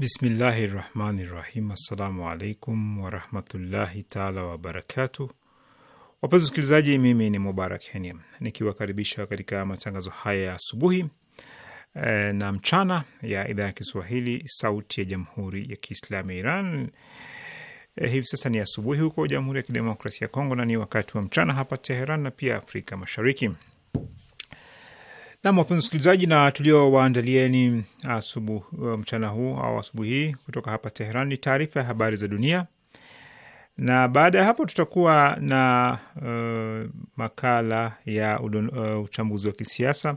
Bismillahi rahmani rahim. Assalamu alaikum warahmatullahi taala wabarakatu. Wapenzi wasikilizaji, mimi ni Mubarak Henia nikiwakaribisha katika matangazo haya ya asubuhi e, na mchana ya idhaa ya Kiswahili sauti ya jamhuri ya Kiislamu ya Iran. E, hivi sasa ni asubuhi huko Jamhuri ya Kidemokrasia ya Kongo na ni wakati wa mchana hapa Teheran na pia Afrika Mashariki. Nam, wapenzi msikilizaji, na tuliowaandalieni asubuhi uh, mchana huu au asubuhi hii kutoka hapa Teheran ni taarifa ya habari za dunia, na baada ya hapo tutakuwa na uh, makala ya udon, uh, uchambuzi wa kisiasa,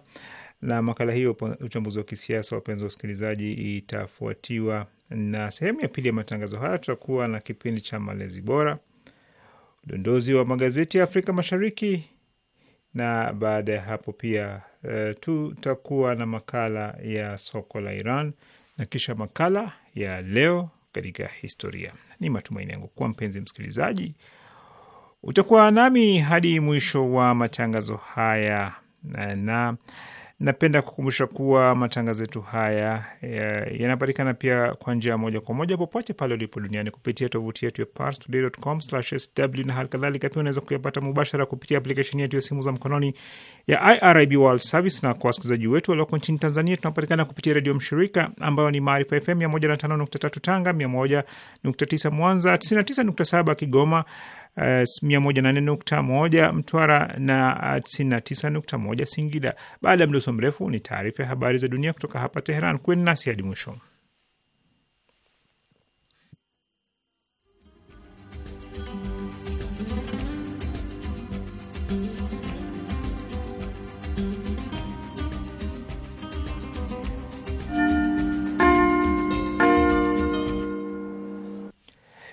na makala hiyo uchambuzi wa kisiasa, wapenzi wasikilizaji, itafuatiwa na sehemu ya pili ya matangazo haya. Tutakuwa na kipindi cha malezi bora, udondozi wa magazeti ya Afrika Mashariki na baada ya hapo pia e, tutakuwa na makala ya soko la Iran na kisha makala ya leo katika historia. Ni matumaini yangu kuwa mpenzi msikilizaji utakuwa nami hadi mwisho wa matangazo haya na, na Napenda kukumbusha kuwa matangazo yetu haya yanapatikana pia kwa njia moja kwa moja popote pale ulipo duniani kupitia tovuti yetu ya parstoday.com/sw na hali kadhalika. Pia unaweza kuyapata mubashara kupitia aplikesheni yetu ya simu za mkononi ya IRIB World Service, na kwa wasikilizaji wetu walioko nchini Tanzania tunapatikana kupitia redio mshirika ambayo ni Maarifa FM 105.3 Tanga, 101.9 Mwanza, 99.7 Kigoma 1 eh, nukta Mtwara na 99.1 eh, Singida. Baada ya mdoso mrefu, ni taarifa ya habari za dunia kutoka hapa Teheran. Kuweni nasi hadi mwisho.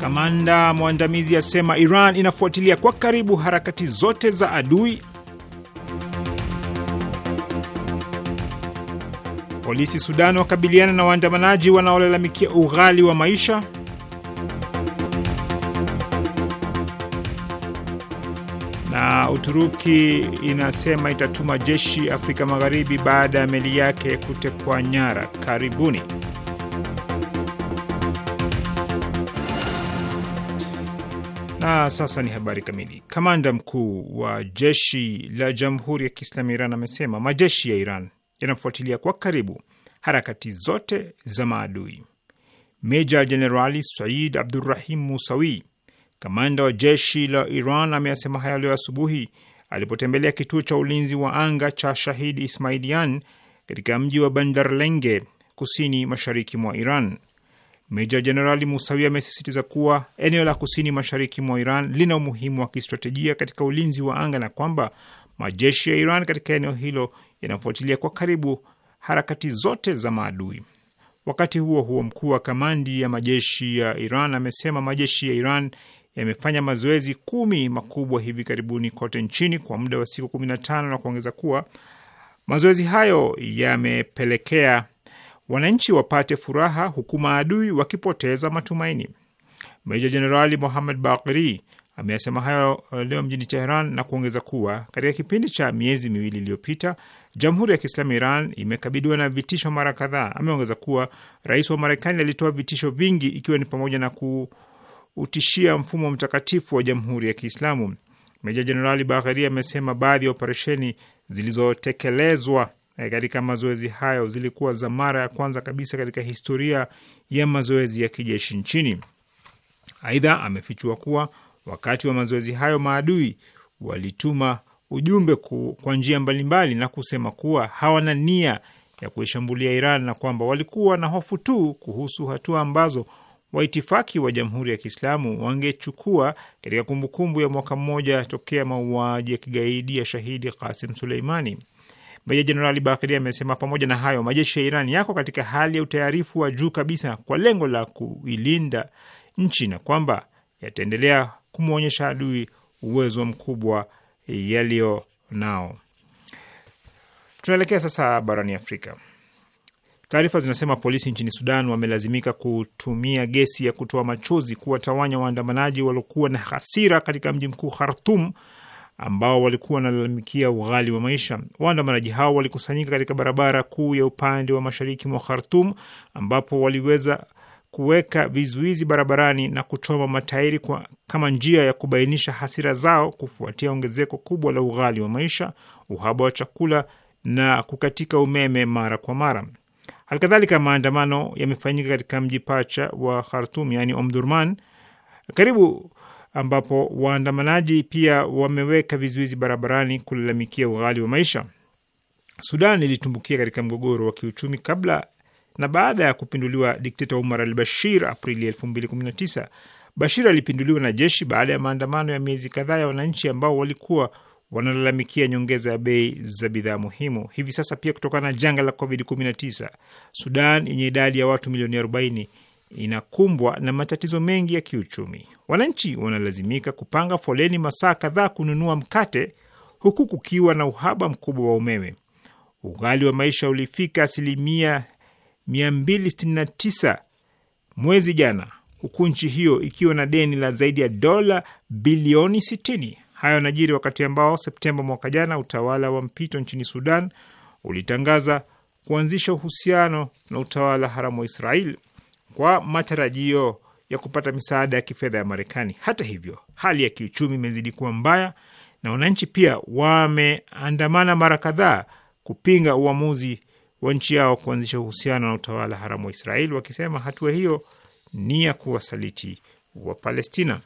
Kamanda mwandamizi asema Iran inafuatilia kwa karibu harakati zote za adui. Polisi Sudan wakabiliana na waandamanaji wanaolalamikia ughali wa maisha. Na Uturuki inasema itatuma jeshi Afrika Magharibi baada ya meli yake kutekwa nyara. Karibuni. Na sasa ni habari kamili. Kamanda mkuu wa jeshi la jamhuri ya Kiislamu ya Iran amesema majeshi ya Iran yanafuatilia kwa karibu harakati zote za maadui. Meja Jenerali Said Abdurrahim Musawi, kamanda wa jeshi la Iran, ameyasema haya leo asubuhi alipotembelea kituo cha ulinzi wa anga cha Shahidi Ismailian katika mji wa Bandarlenge, kusini mashariki mwa Iran. Meja Jenerali Musawi amesisitiza kuwa eneo la kusini mashariki mwa Iran lina umuhimu wa kistratejia katika ulinzi wa anga na kwamba majeshi ya Iran katika eneo hilo yanafuatilia kwa karibu harakati zote za maadui. Wakati huo huo, mkuu wa kamandi ya majeshi ya Iran amesema majeshi ya Iran yamefanya mazoezi kumi makubwa hivi karibuni kote nchini kwa muda wa siku 15 na kuongeza kuwa mazoezi hayo yamepelekea wananchi wapate furaha, huku maadui wakipoteza matumaini. Meja Jenerali Mohamed Bakri ameyasema hayo uh, leo mjini Teheran na kuongeza kuwa katika kipindi cha miezi miwili iliyopita Jamhuri ya Kiislamu Iran imekabiliwa na vitisho mara kadhaa. Ameongeza kuwa rais wa Marekani alitoa vitisho vingi, ikiwa ni pamoja na kuutishia mfumo mtakatifu wa Jamhuri ya Kiislamu. Meja Jenerali Bakri amesema baadhi ya operesheni zilizotekelezwa Eh, katika mazoezi hayo zilikuwa za mara ya kwanza kabisa katika historia ya mazoezi ya kijeshi nchini. Aidha, amefichua kuwa wakati wa mazoezi hayo maadui walituma ujumbe kwa njia mbalimbali na kusema kuwa hawana nia ya kuishambulia Iran na kwamba walikuwa na hofu tu kuhusu hatua ambazo waitifaki wa Jamhuri ya Kiislamu wangechukua katika kumbukumbu ya mwaka mmoja tokea mauaji ya kigaidi ya shahidi Kasim Suleimani. Meja Jenerali Bakri amesema pamoja na hayo, majeshi ya Iran yako katika hali ya utayarifu wa juu kabisa kwa lengo la kuilinda nchi na kwamba yataendelea kumwonyesha adui uwezo mkubwa yaliyo nao. Tunaelekea sasa barani Afrika. Taarifa zinasema polisi nchini Sudan wamelazimika kutumia gesi ya kutoa machozi kuwatawanya waandamanaji waliokuwa na hasira katika mji mkuu Khartum ambao walikuwa wanalalamikia ughali wa maisha. Waandamanaji hao walikusanyika katika barabara kuu ya upande wa mashariki mwa Khartum, ambapo waliweza kuweka vizuizi barabarani na kuchoma matairi kwa, kama njia ya kubainisha hasira zao kufuatia ongezeko kubwa la ughali wa maisha, uhaba wa chakula na kukatika umeme mara kwa mara. Halikadhalika, maandamano yamefanyika katika mji pacha wa Khartum, yaani Omdurman, karibu ambapo waandamanaji pia wameweka vizuizi barabarani kulalamikia ughali wa maisha. Sudan ilitumbukia katika mgogoro wa kiuchumi kabla na baada ya kupinduliwa dikteta Umar al Bashir Aprili 2019. Bashir alipinduliwa na jeshi baada ya maandamano ya miezi kadhaa ya wananchi ambao walikuwa wanalalamikia nyongeza ya bei za bidhaa muhimu. Hivi sasa pia kutokana na janga la COVID-19, Sudan yenye idadi ya watu milioni 40 inakumbwa na matatizo mengi ya kiuchumi. Wananchi wanalazimika kupanga foleni masaa kadhaa kununua mkate, huku kukiwa na uhaba mkubwa wa umeme. Ughali wa maisha ulifika asilimia 269 mwezi jana, huku nchi hiyo ikiwa na deni la zaidi ya dola bilioni 60. Hayo yanajiri wakati ambao Septemba mwaka jana utawala wa mpito nchini Sudan ulitangaza kuanzisha uhusiano na utawala haramu wa Israeli kwa matarajio ya kupata misaada ya kifedha ya Marekani. Hata hivyo, hali ya kiuchumi imezidi kuwa mbaya na wananchi pia wameandamana mara kadhaa kupinga uamuzi wa nchi yao kuanzisha uhusiano na utawala haramu wa Israeli, wakisema hatua hiyo ni ya kuwasaliti wa Palestina.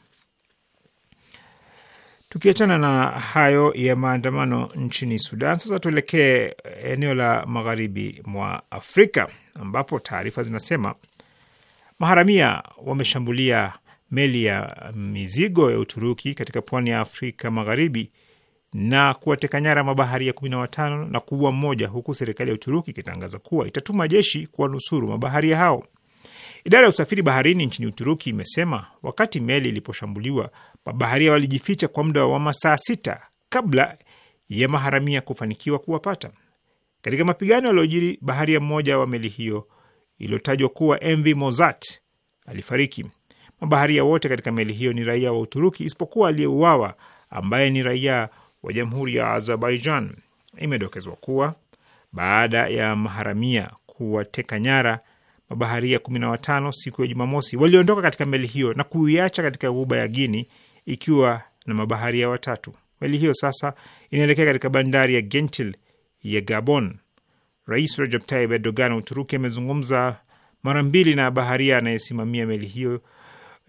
Tukiachana na hayo ya maandamano nchini Sudan, sasa tuelekee eneo la magharibi mwa Afrika ambapo taarifa zinasema Maharamia wameshambulia meli ya mizigo ya Uturuki katika pwani ya Afrika Magharibi na kuwateka nyara mabaharia kumi na watano na kuua mmoja, huku serikali ya Uturuki ikitangaza kuwa itatuma jeshi kuwanusuru mabaharia hao. Idara ya usafiri baharini nchini Uturuki imesema wakati meli iliposhambuliwa, mabaharia walijificha kwa muda wa masaa sita kabla ya maharamia kufanikiwa kuwapata. Katika mapigano yaliyojiri, baharia mmoja wa meli hiyo iliyotajwa kuwa MV Mozart alifariki. Mabaharia wote katika meli hiyo ni raia wa Uturuki isipokuwa aliyeuawa ambaye ni raia wa jamhuri ya Azerbaijan. Imedokezwa kuwa baada ya maharamia kuwateka nyara mabaharia watano siku ya Jumamosi, waliondoka katika meli hiyo na kuiacha katika ghuba ya Guini ikiwa na mabaharia watatu. Meli hiyo sasa inaelekea katika bandari ya Gentil ya Gabon. Rais Recep Tayyip Erdogan wa Uturuki amezungumza mara mbili na baharia anayesimamia meli hiyo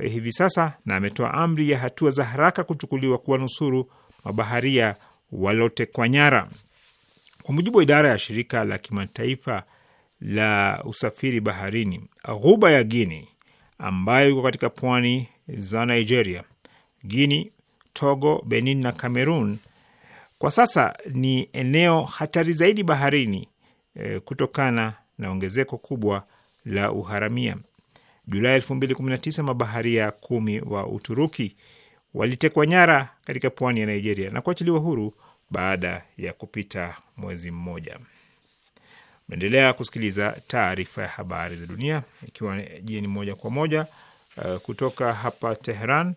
eh, hivi sasa na ametoa amri ya hatua za haraka kuchukuliwa kuwanusuru mabaharia walotekwa nyara. Kwa mujibu wa idara ya shirika la kimataifa la usafiri baharini, ghuba ya Guini ambayo iko katika pwani za Nigeria, Guini, Togo, Benin na Cameroon kwa sasa ni eneo hatari zaidi baharini Eh, kutokana na ongezeko kubwa la uharamia. Julai 2019 mabaharia kumi wa Uturuki walitekwa nyara katika pwani ya Nigeria na kuachiliwa huru baada ya kupita mwezi mmoja. Naendelea kusikiliza taarifa ya habari za dunia, ikiwa jieni moja kwa moja uh, kutoka hapa Tehran,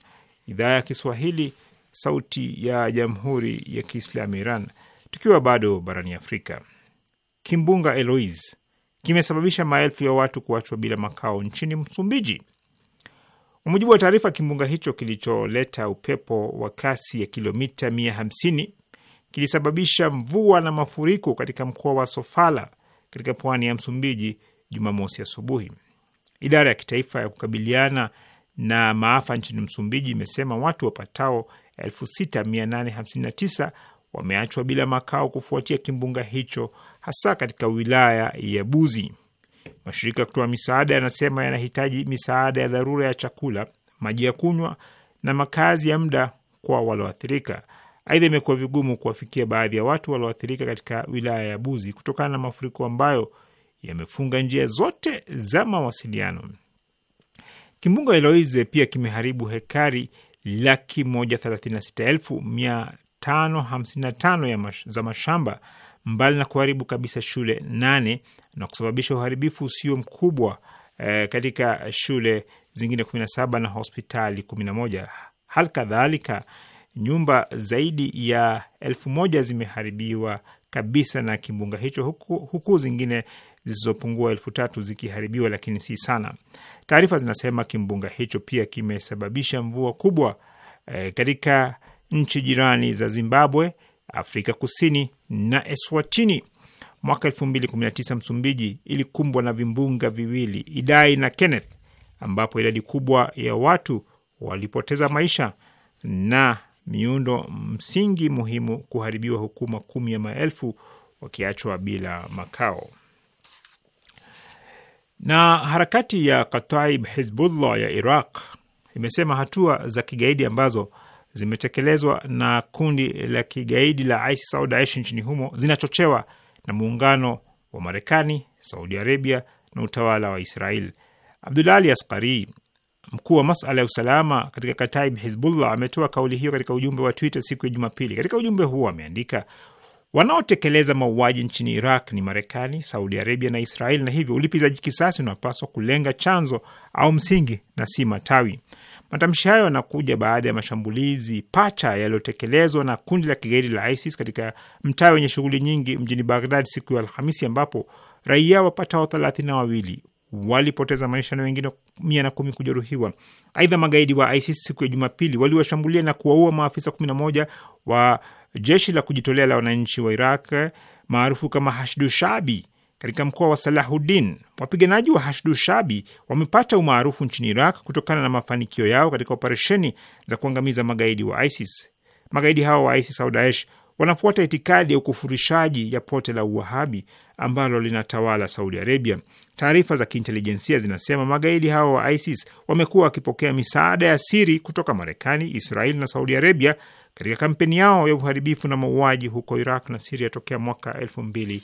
idhaa ya Kiswahili, sauti ya jamhuri ya kiislamu Iran. Tukiwa bado barani Afrika, kimbunga Eloise kimesababisha maelfu ya watu kuachwa bila makao nchini Msumbiji. Kwa mujibu wa taarifa, kimbunga hicho kilicholeta upepo wa kasi ya kilomita 150 kilisababisha mvua na mafuriko katika mkoa wa Sofala katika pwani ya Msumbiji Jumamosi asubuhi. Idara ya kitaifa ya kukabiliana na maafa nchini Msumbiji imesema watu wapatao 6859 wameachwa bila makao kufuatia kimbunga hicho, hasa katika wilaya ya Buzi. Mashirika ya kutoa misaada yanasema yanahitaji misaada ya dharura ya chakula, maji ya kunywa na makazi ya muda kwa walioathirika. Aidha, imekuwa vigumu kuwafikia baadhi ya watu walioathirika katika wilaya ya Buzi kutokana na mafuriko ambayo yamefunga njia zote za mawasiliano. Kimbunga Eloise pia kimeharibu hekari laki moja thelathini na sita elfu mia 555 mash, za mashamba mbali na kuharibu kabisa shule nane na kusababisha uharibifu usio mkubwa eh, katika shule zingine 17 na hospitali 11. Hali kadhalika nyumba zaidi ya elfu moja zimeharibiwa kabisa na kimbunga hicho huku, huku zingine zisizopungua elfu tatu zikiharibiwa, lakini si sana. Taarifa zinasema kimbunga hicho pia kimesababisha mvua kubwa eh, katika nchi jirani za Zimbabwe, Afrika Kusini na Eswatini. Mwaka 2019 Msumbiji ilikumbwa na vimbunga viwili, Idai na Kenneth, ambapo idadi kubwa ya watu walipoteza maisha na miundo msingi muhimu kuharibiwa, huku makumi ya maelfu wakiachwa bila makao. Na harakati ya Kataib Hizbullah ya Iraq imesema hatua za kigaidi ambazo zimetekelezwa na kundi la kigaidi la ISIS au Daesh nchini humo zinachochewa na muungano wa Marekani, Saudi Arabia na utawala wa Israel. Abdulali Ali Askari, mkuu wa masala ya usalama katika Kataib Hizbullah, ametoa kauli hiyo katika ujumbe wa Twitter siku ya Jumapili. Katika ujumbe huo ameandika, wanaotekeleza mauaji nchini Iraq ni Marekani, Saudi Arabia na Israel, na hivyo ulipizaji kisasi unapaswa kulenga chanzo au msingi na si matawi. Matamshi hayo yanakuja baada ya mashambulizi pacha yaliyotekelezwa na kundi la kigaidi la ISIS katika mtaa wenye shughuli nyingi mjini Baghdad siku ya Alhamisi, ambapo raia wapatao thelathini na wawili walipoteza maisha na wengine mia na kumi kujeruhiwa. Aidha, magaidi wa ISIS siku ya Jumapili waliwashambulia na kuwaua maafisa 11 wa jeshi la kujitolea la wananchi wa Iraq maarufu kama Hashdu Shabi katika mkoa wa Salahuddin. Wapiganaji wa Hashdu Shabi wamepata umaarufu nchini Iraq kutokana na mafanikio yao katika operesheni za kuangamiza magaidi wa ISIS. Magaidi hao wa ISIS au Daesh wanafuata itikadi ya ukufurishaji ya pote la Uwahabi ambalo linatawala Saudi Arabia. Taarifa za kiintelijensia zinasema magaidi hao wa ISIS wamekuwa wakipokea misaada ya siri kutoka Marekani, Israel na Saudi Arabia katika kampeni yao ya uharibifu na mauaji huko Iraq na Siria tokea mwaka elfu mbili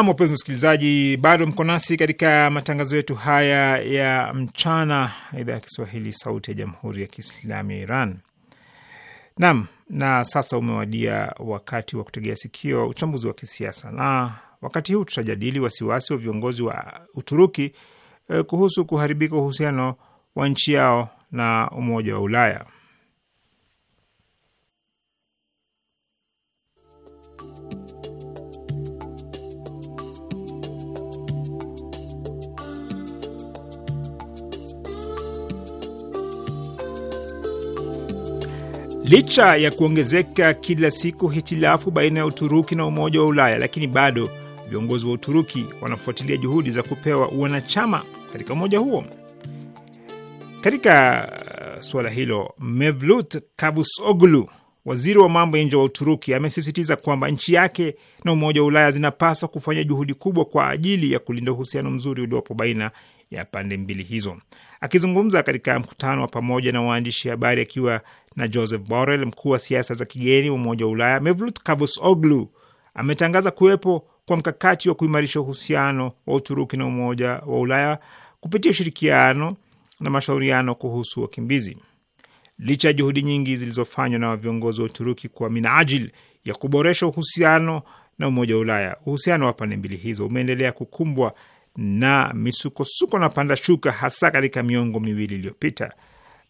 Naam, wapenzi msikilizaji, bado mko nasi katika matangazo yetu haya ya mchana, idhaa ya Kiswahili, sauti ya jamhuri ya kiislamu ya Iran. Naam, na sasa umewadia wakati wa kutegea sikio uchambuzi wa kisiasa, na wakati huu tutajadili wasiwasi wa viongozi wa Uturuki eh, kuhusu kuharibika uhusiano wa nchi yao na Umoja wa Ulaya. Licha ya kuongezeka kila siku hitilafu baina ya Uturuki na Umoja wa Ulaya, lakini bado viongozi wa Uturuki wanafuatilia juhudi za kupewa wanachama katika umoja huo. Katika uh, suala hilo, Mevlut Kavusoglu, waziri wa mambo ya nje wa Uturuki, amesisitiza kwamba nchi yake na Umoja wa Ulaya zinapaswa kufanya juhudi kubwa kwa ajili ya kulinda uhusiano mzuri uliopo baina ya pande mbili hizo. Akizungumza katika mkutano wa pamoja na waandishi habari akiwa na Joseph Borrell, mkuu wa siasa za kigeni wa Umoja wa Ulaya, Mevlut Cavusoglu ametangaza kuwepo kwa mkakati wa kuimarisha uhusiano wa Uturuki na Umoja wa Ulaya kupitia ushirikiano na mashauriano kuhusu wakimbizi. Licha ya juhudi nyingi zilizofanywa na viongozi wa Uturuki kwa minajil ya kuboresha uhusiano na Umoja wa Ulaya, uhusiano wa pande mbili hizo umeendelea kukumbwa na misukosuko na pandashuka, hasa katika miongo miwili iliyopita.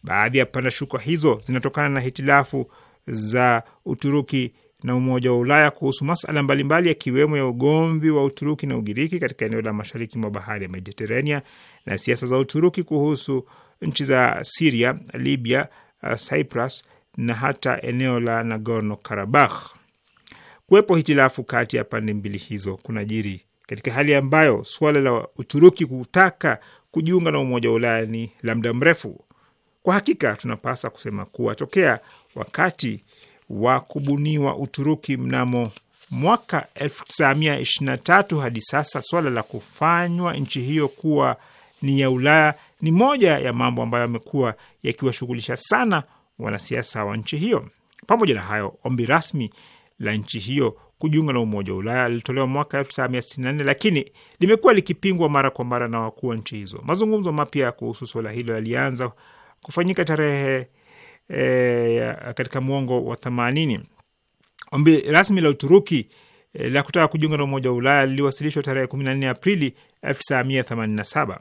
Baadhi ya panda shuka hizo zinatokana na hitilafu za Uturuki na Umoja wa Ulaya kuhusu masala mbalimbali yakiwemo ya ugomvi wa Uturuki na Ugiriki katika eneo la mashariki mwa bahari ya Mediterania na siasa za Uturuki kuhusu nchi za Siria, Libya, uh, Cyprus na hata eneo la Nagorno Karabakh. Kuwepo hitilafu kati ya pande mbili hizo kunajiri katika hali ambayo suala la Uturuki kutaka kujiunga na Umoja wa Ulaya ni la muda mrefu. Kwa hakika tunapasa kusema kuwa tokea wakati wa kubuniwa Uturuki mnamo mwaka 1923 hadi sasa suala la kufanywa nchi hiyo kuwa ni ya Ulaya ni moja ya mambo ambayo yamekuwa yakiwashughulisha sana wanasiasa wa nchi hiyo. Pamoja na hayo, ombi rasmi la nchi hiyo kujiunga na Umoja wa Ulaya lilitolewa mwaka 1964 lakini limekuwa likipingwa mara kwa mara na wakuu wa nchi hizo. Mazungumzo mapya kuhusu suala hilo yalianza kufanyika tarehe e, katika mwongo wa themanini Ombi rasmi la Uturuki e, la kutaka kujiunga na Umoja wa Ulaya liliwasilishwa tarehe 14 Aprili 1987.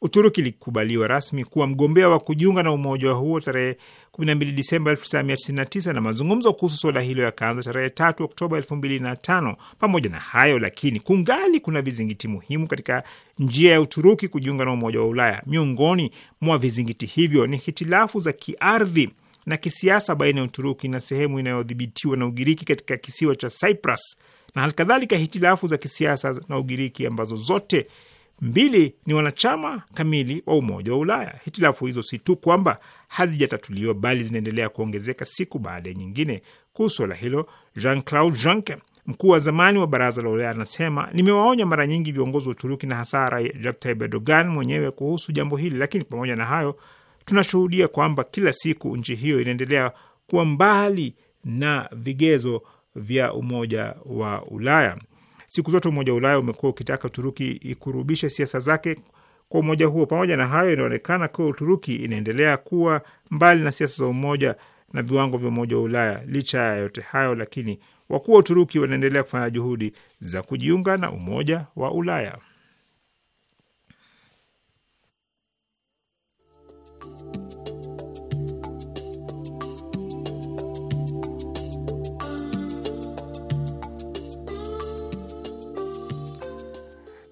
Uturuki ilikubaliwa rasmi kuwa mgombea wa kujiunga na umoja huo tarehe 12 Disemba 1999 na mazungumzo kuhusu suala hilo yakaanza tarehe 3 Oktoba 2005. Pamoja na hayo lakini, kungali kuna vizingiti muhimu katika njia ya Uturuki kujiunga na umoja wa Ulaya. Miongoni mwa vizingiti hivyo ni hitilafu za kiardhi na kisiasa baina ya Uturuki na sehemu inayodhibitiwa na Ugiriki katika kisiwa cha Cyprus na halikadhalika hitilafu za kisiasa na Ugiriki ambazo zote mbili ni wanachama kamili wa Umoja wa Ulaya. Hitilafu hizo si tu kwamba hazijatatuliwa bali zinaendelea kuongezeka siku baada ya nyingine. Kuhusu suala hilo, Jean Claude Juncker, mkuu wa zamani wa Baraza la Ulaya, anasema nimewaonya mara nyingi viongozi wa Uturuki na hasa Recep Tayyip Erdogan mwenyewe kuhusu jambo hili, lakini pamoja na hayo tunashuhudia kwamba kila siku nchi hiyo inaendelea kuwa mbali na vigezo vya Umoja wa Ulaya. Siku zote Umoja wa Ulaya umekuwa ukitaka Uturuki ikurubishe siasa zake kwa umoja huo. Pamoja na hayo, inaonekana kuwa Uturuki inaendelea kuwa mbali na siasa za umoja na viwango vya Umoja wa Ulaya. Licha ya yote hayo, lakini wakuu wa Uturuki wanaendelea kufanya juhudi za kujiunga na Umoja wa Ulaya.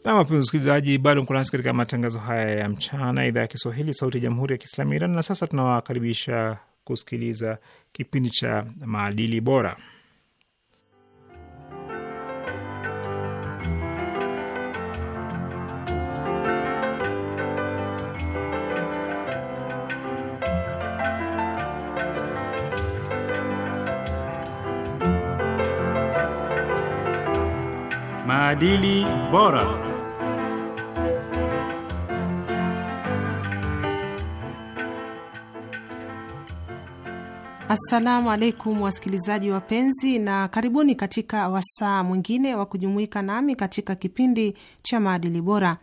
Na wapenzi wasikilizaji, bado mko nasi katika matangazo haya ya mchana, idhaa ya Kiswahili, sauti ya jamhuri ya kiislamu ya Iran. Na sasa tunawakaribisha kusikiliza kipindi cha maadili bora. Maadili bora. Assalamu alaikum wasikilizaji wapenzi, na karibuni katika wasaa mwingine wa kujumuika nami katika kipindi cha maadili bora.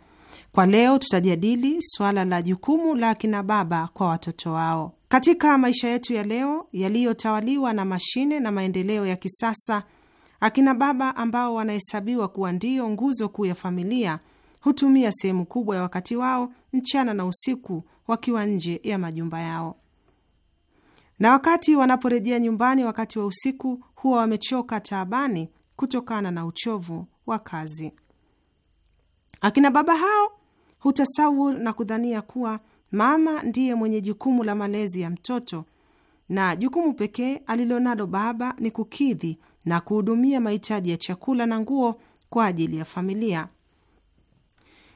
Kwa leo tutajadili suala la jukumu la akina baba kwa watoto wao katika maisha yetu ya leo yaliyotawaliwa na mashine na maendeleo ya kisasa. Akina baba ambao wanahesabiwa kuwa ndiyo nguzo kuu ya familia hutumia sehemu kubwa ya wakati wao mchana na usiku wakiwa nje ya majumba yao na wakati wanaporejea nyumbani wakati wa usiku huwa wamechoka taabani kutokana na uchovu wa kazi. Akina baba hao hutasawur na kudhania kuwa mama ndiye mwenye jukumu la malezi ya mtoto na jukumu pekee alilonalo baba ni kukidhi na kuhudumia mahitaji ya chakula na nguo kwa ajili ya familia,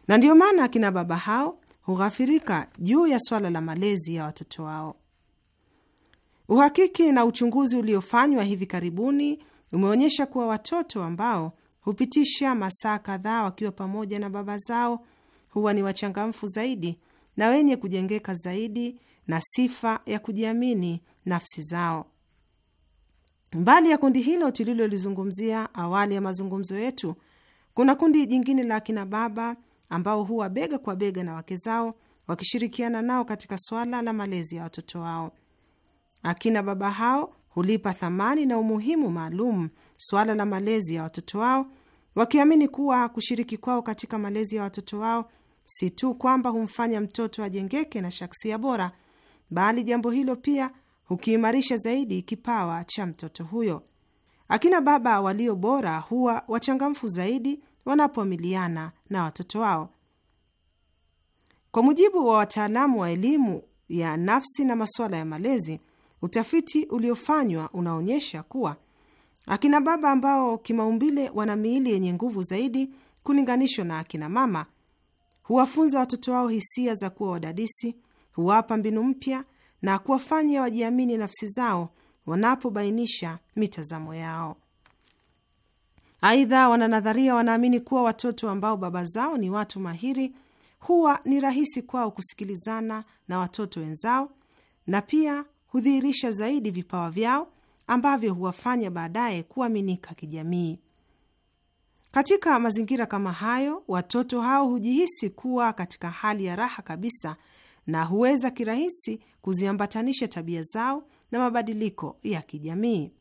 na ndiyo maana akina baba hao hughafirika juu ya swala la malezi ya watoto wao. Uhakiki na uchunguzi uliofanywa hivi karibuni umeonyesha kuwa watoto ambao hupitisha masaa kadhaa wakiwa pamoja na baba zao huwa ni wachangamfu zaidi na wenye kujengeka zaidi na sifa ya kujiamini nafsi zao. Mbali ya kundi hilo tulilolizungumzia awali ya mazungumzo yetu, kuna kundi jingine la akina baba ambao huwa bega kwa bega na wake zao wakishirikiana nao katika swala la malezi ya watoto wao. Akina baba hao hulipa thamani na umuhimu maalum suala la malezi ya watoto wao, wakiamini kuwa kushiriki kwao katika malezi ya watoto wao si tu kwamba humfanya mtoto ajengeke na shaksia bora, bali jambo hilo pia hukiimarisha zaidi kipawa cha mtoto huyo. Akina baba walio bora huwa wachangamfu zaidi wanapoamiliana na watoto wao. Kwa mujibu wa wataalamu wa elimu ya nafsi na masuala ya malezi, Utafiti uliofanywa unaonyesha kuwa akina baba ambao kimaumbile wana miili yenye nguvu zaidi kulinganishwa na akina mama huwafunza watoto wao hisia za kuwa wadadisi, huwapa mbinu mpya na kuwafanya wajiamini nafsi zao wanapobainisha mitazamo yao. Aidha, wananadharia wanaamini kuwa watoto ambao baba zao ni watu mahiri huwa ni rahisi kwao kusikilizana na watoto wenzao na pia hudhihirisha zaidi vipawa vyao ambavyo huwafanya baadaye kuaminika kijamii. Katika mazingira kama hayo, watoto hao hujihisi kuwa katika hali ya raha kabisa na huweza kirahisi kuziambatanisha tabia zao na mabadiliko ya kijamii.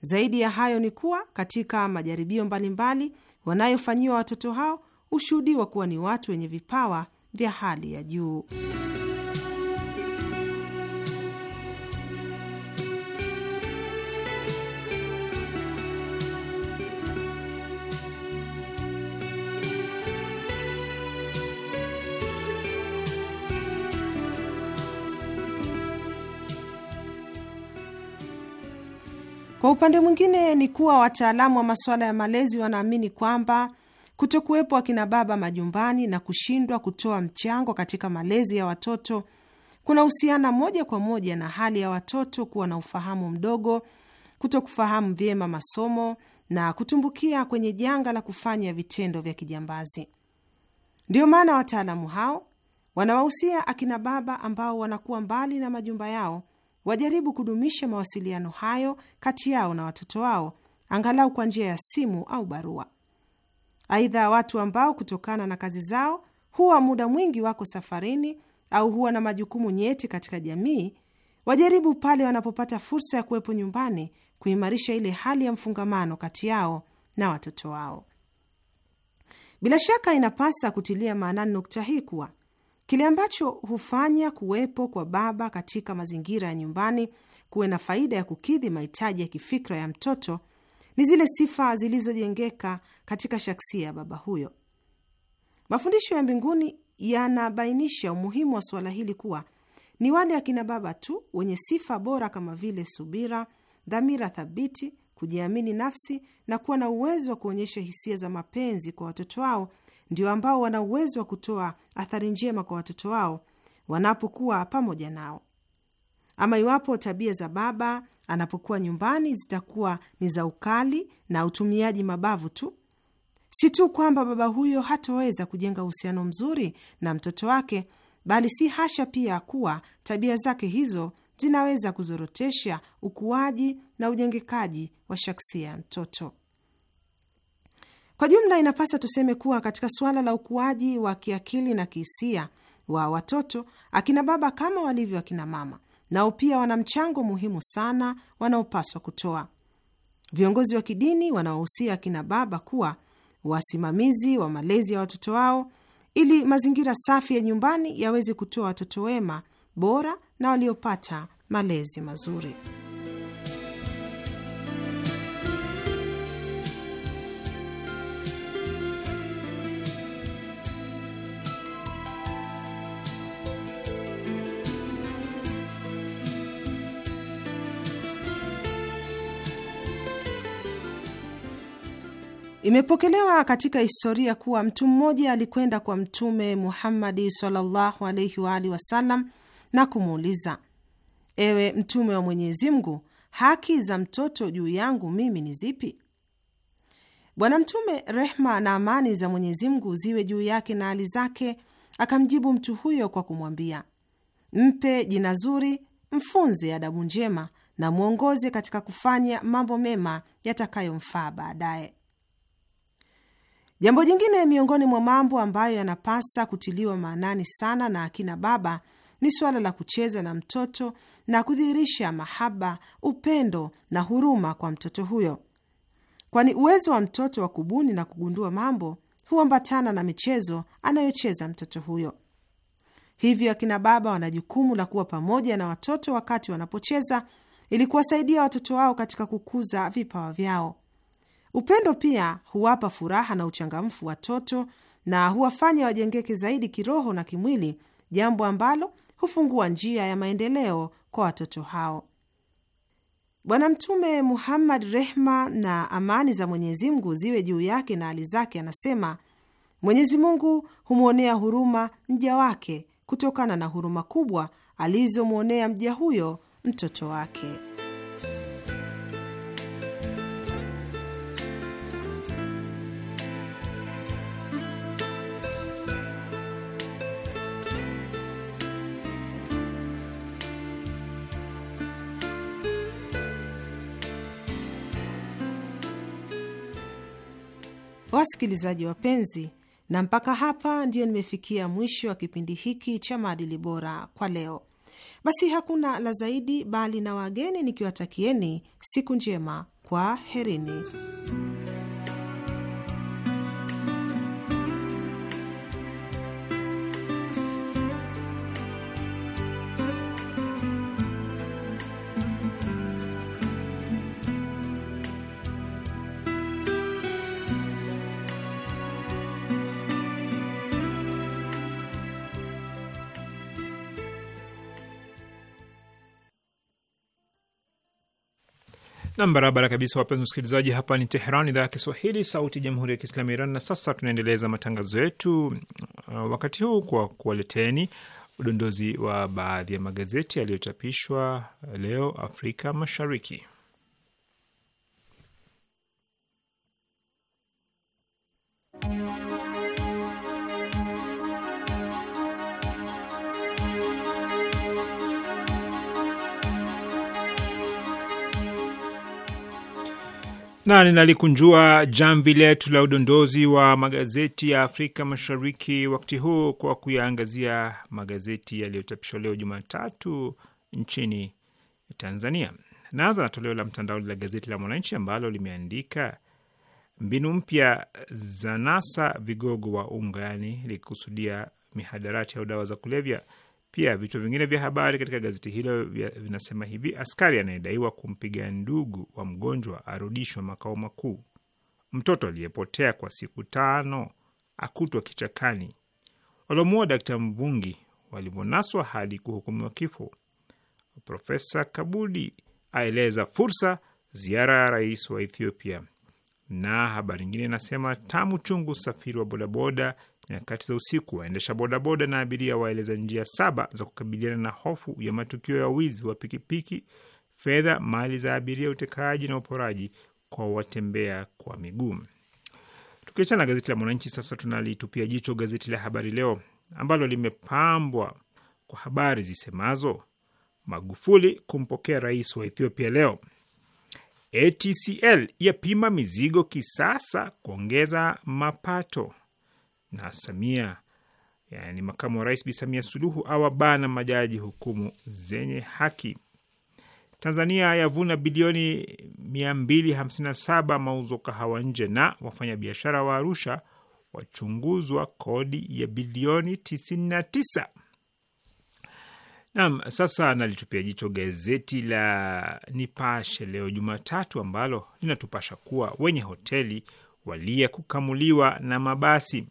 Zaidi ya hayo ni kuwa katika majaribio mbalimbali wanayofanyiwa watoto hao hushuhudiwa kuwa ni watu wenye vipawa vya hali ya juu. Kwa upande mwingine ni kuwa wataalamu wa masuala ya malezi wanaamini kwamba kutokuwepo akina baba majumbani na kushindwa kutoa mchango katika malezi ya watoto kunahusiana moja kwa moja na hali ya watoto kuwa na ufahamu mdogo, kutokufahamu vyema masomo na kutumbukia kwenye janga la kufanya vitendo vya kijambazi. Ndiyo maana wataalamu hao wanawahusia akina baba ambao wanakuwa mbali na majumba yao wajaribu kudumisha mawasiliano hayo kati yao na watoto wao angalau kwa njia ya simu au barua. Aidha, watu ambao kutokana na kazi zao huwa muda mwingi wako safarini au huwa na majukumu nyeti katika jamii, wajaribu pale wanapopata fursa ya kuwepo nyumbani kuimarisha ile hali ya mfungamano kati yao na watoto wao. Bila shaka inapasa kutilia maanani nukta hii kuwa Kile ambacho hufanya kuwepo kwa baba katika mazingira ya nyumbani kuwe na faida ya kukidhi mahitaji ya kifikra ya mtoto ni zile sifa zilizojengeka katika shaksia ya baba huyo. Mafundisho ya mbinguni yanabainisha umuhimu wa suala hili kuwa ni wale akina baba tu wenye sifa bora kama vile subira, dhamira thabiti, kujiamini nafsi na kuwa na uwezo wa kuonyesha hisia za mapenzi kwa watoto wao ndio ambao wana uwezo wa kutoa athari njema kwa watoto wao wanapokuwa pamoja nao. Ama iwapo tabia za baba anapokuwa nyumbani zitakuwa ni za ukali na utumiaji mabavu tu, si tu kwamba baba huyo hatoweza kujenga uhusiano mzuri na mtoto wake, bali si hasha pia kuwa tabia zake hizo zinaweza kuzorotesha ukuaji na ujengekaji wa shaksia ya mtoto. Kwa jumla, inapasa tuseme kuwa katika suala la ukuaji wa kiakili na kihisia wa watoto, akina baba kama walivyo akina mama nao pia wana mchango muhimu sana wanaopaswa kutoa. Viongozi wa kidini wanawahusia akina baba kuwa wasimamizi wa malezi ya watoto wao ili mazingira safi ya nyumbani yaweze kutoa watoto wema bora na waliopata malezi mazuri. Imepokelewa katika historia kuwa mtu mmoja alikwenda kwa Mtume Muhammadi sallallahu alaihi wa alihi wasallam na kumuuliza, ewe Mtume wa Mwenyezi Mungu, haki za mtoto juu yangu mimi ni zipi? Bwana Mtume, rehma na amani za Mwenyezi Mungu ziwe juu yake na hali zake, akamjibu mtu huyo kwa kumwambia, mpe jina zuri, mfunze adabu njema na mwongoze katika kufanya mambo mema yatakayomfaa baadaye. Jambo jingine miongoni mwa mambo ambayo yanapasa kutiliwa maanani sana na akina baba ni suala la kucheza na mtoto na kudhihirisha mahaba, upendo na huruma kwa mtoto huyo, kwani uwezo wa mtoto wa kubuni na kugundua mambo huambatana na michezo anayocheza mtoto huyo. Hivyo akina baba wana jukumu la kuwa pamoja na watoto wakati wanapocheza ili kuwasaidia watoto wao katika kukuza vipawa vyao. Upendo pia huwapa furaha na uchangamfu watoto na huwafanya wajengeke zaidi kiroho na kimwili, jambo ambalo hufungua njia ya maendeleo kwa watoto hao. Bwana Mtume Muhammad, rehma na amani za Mwenyezi Mungu ziwe juu yake na hali zake, anasema Mwenyezi Mungu humwonea huruma mja wake kutokana na huruma kubwa alizomwonea mja huyo mtoto wake. Wasikilizaji wapenzi, na mpaka hapa ndiyo nimefikia mwisho wa kipindi hiki cha maadili bora kwa leo. Basi hakuna la zaidi, bali na wageni nikiwatakieni siku njema, kwa herini. Nam, barabara kabisa, wapenzi msikilizaji, hapa ni Teheran, idhaa ya Kiswahili, sauti ya jamhuri ya kiislamu ya Iran. Na sasa tunaendeleza matangazo yetu uh, wakati huu kwa kuwaleteni udondozi wa baadhi ya magazeti yaliyochapishwa uh, leo Afrika Mashariki. na ninalikunjua jamvi letu la udondozi wa magazeti ya Afrika Mashariki wakati huu kwa kuyaangazia magazeti yaliyochapishwa leo Jumatatu nchini Tanzania. Naanza na toleo la mtandao la gazeti la Mwananchi ambalo limeandika mbinu mpya za NASA, vigogo wa yani likikusudia mihadarati au dawa za kulevya. Pia vichwa vingine vya habari katika gazeti hilo vinasema hivi: askari anayedaiwa kumpiga ndugu wa mgonjwa arudishwa makao makuu, mtoto aliyepotea kwa siku tano akutwa kichakani, waliomuua Daktari Mvungi walivyonaswa hadi kuhukumiwa kifo, Profesa Kabudi aeleza fursa ziara ya rais wa Ethiopia, na habari nyingine inasema tamu chungu, usafiri wa bodaboda nyakati za usiku. Waendesha bodaboda na abiria waeleza njia saba za kukabiliana na hofu ya matukio ya wizi wa pikipiki, fedha, mali za abiria, utekaji na uporaji kwa watembea kwa miguu. Tukiachana na gazeti la Mwananchi, sasa tunalitupia jicho gazeti la Habari Leo ambalo limepambwa kwa habari zisemazo Magufuli kumpokea rais wa Ethiopia leo. ATCL yapima mizigo kisasa kuongeza mapato na Samia, yani makamu wa rais Bi Samia Suluhu awabana majaji hukumu zenye haki. Tanzania yavuna bilioni 257 mauzo kahawa nje, na wafanyabiashara wa Arusha wachunguzwa kodi ya bilioni 99. nam sasa nalitupia jicho gazeti la Nipashe leo Jumatatu, ambalo linatupasha kuwa wenye hoteli walia kukamuliwa na mabasi.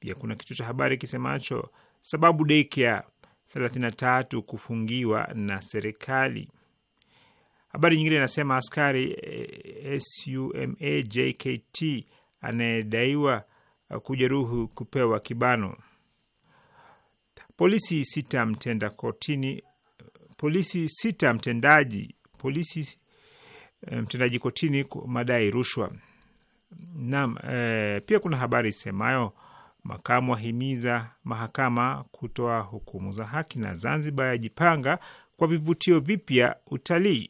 Pia kuna kichwa cha habari kisemacho sababu daycare 33 kufungiwa na serikali. Habari nyingine inasema askari eh, SUMA JKT anayedaiwa kujeruhi kupewa kibano. Polisi sita mtenda kotini, polisi sita mtendaji, polisi eh, mtendaji kotini madai rushwa. Naam, e, pia kuna habari isemayo Makamu ahimiza mahakama kutoa hukumu za haki, na Zanzibar yajipanga kwa vivutio vipya utalii.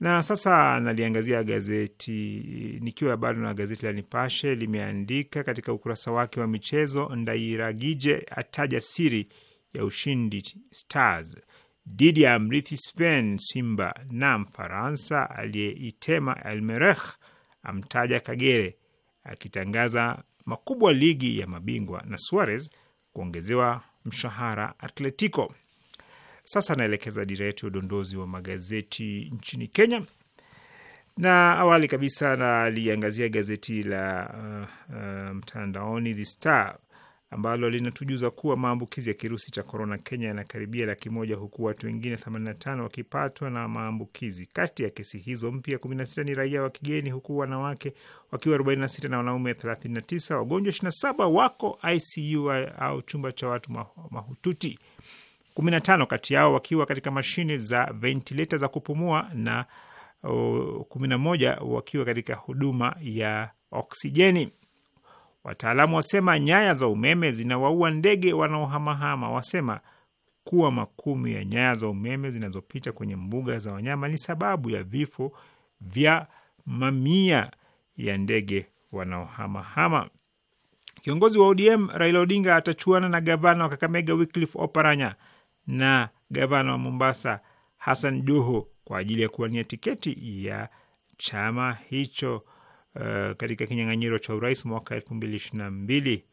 Na sasa naliangazia gazeti nikiwa bado na gazeti la Nipashe. Limeandika katika ukurasa wake wa michezo, Ndairagije ataja siri ya ushindi Stars dhidi ya mrithi Sven Simba, na Mfaransa aliyeitema Elmerekh amtaja Kagere akitangaza makubwa ligi ya mabingwa na Suarez kuongezewa mshahara Atletico. Sasa anaelekeza dira yetu ya udondozi wa magazeti nchini Kenya, na awali kabisa naliangazia gazeti la uh, uh, mtandaoni The Star ambalo linatujuza kuwa maambukizi ya kirusi cha korona Kenya yanakaribia laki moja huku watu wengine 85 wakipatwa na maambukizi. Kati ya kesi hizo mpya 16 ni raia wa kigeni, huku wanawake wakiwa 46 na wanaume 39. Wagonjwa 27 wako ICU au chumba cha watu mahututi, 15 kati yao wakiwa katika mashine za ventileta za kupumua na 11 wakiwa katika huduma ya oksijeni. Wataalamu wasema nyaya za umeme zinawaua ndege wanaohamahama. Wasema kuwa makumi ya nyaya za umeme zinazopita kwenye mbuga za wanyama ni sababu ya vifo vya mamia ya ndege wanaohamahama. Kiongozi wa ODM Raila Odinga atachuana na gavana wa Kakamega Wycliffe Oparanya na gavana wa Mombasa Hassan Joho kwa ajili ya kuwania tiketi ya chama hicho uh, katika kinyang'anyiro cha urais mwaka elfu mbili ishirini na mbili.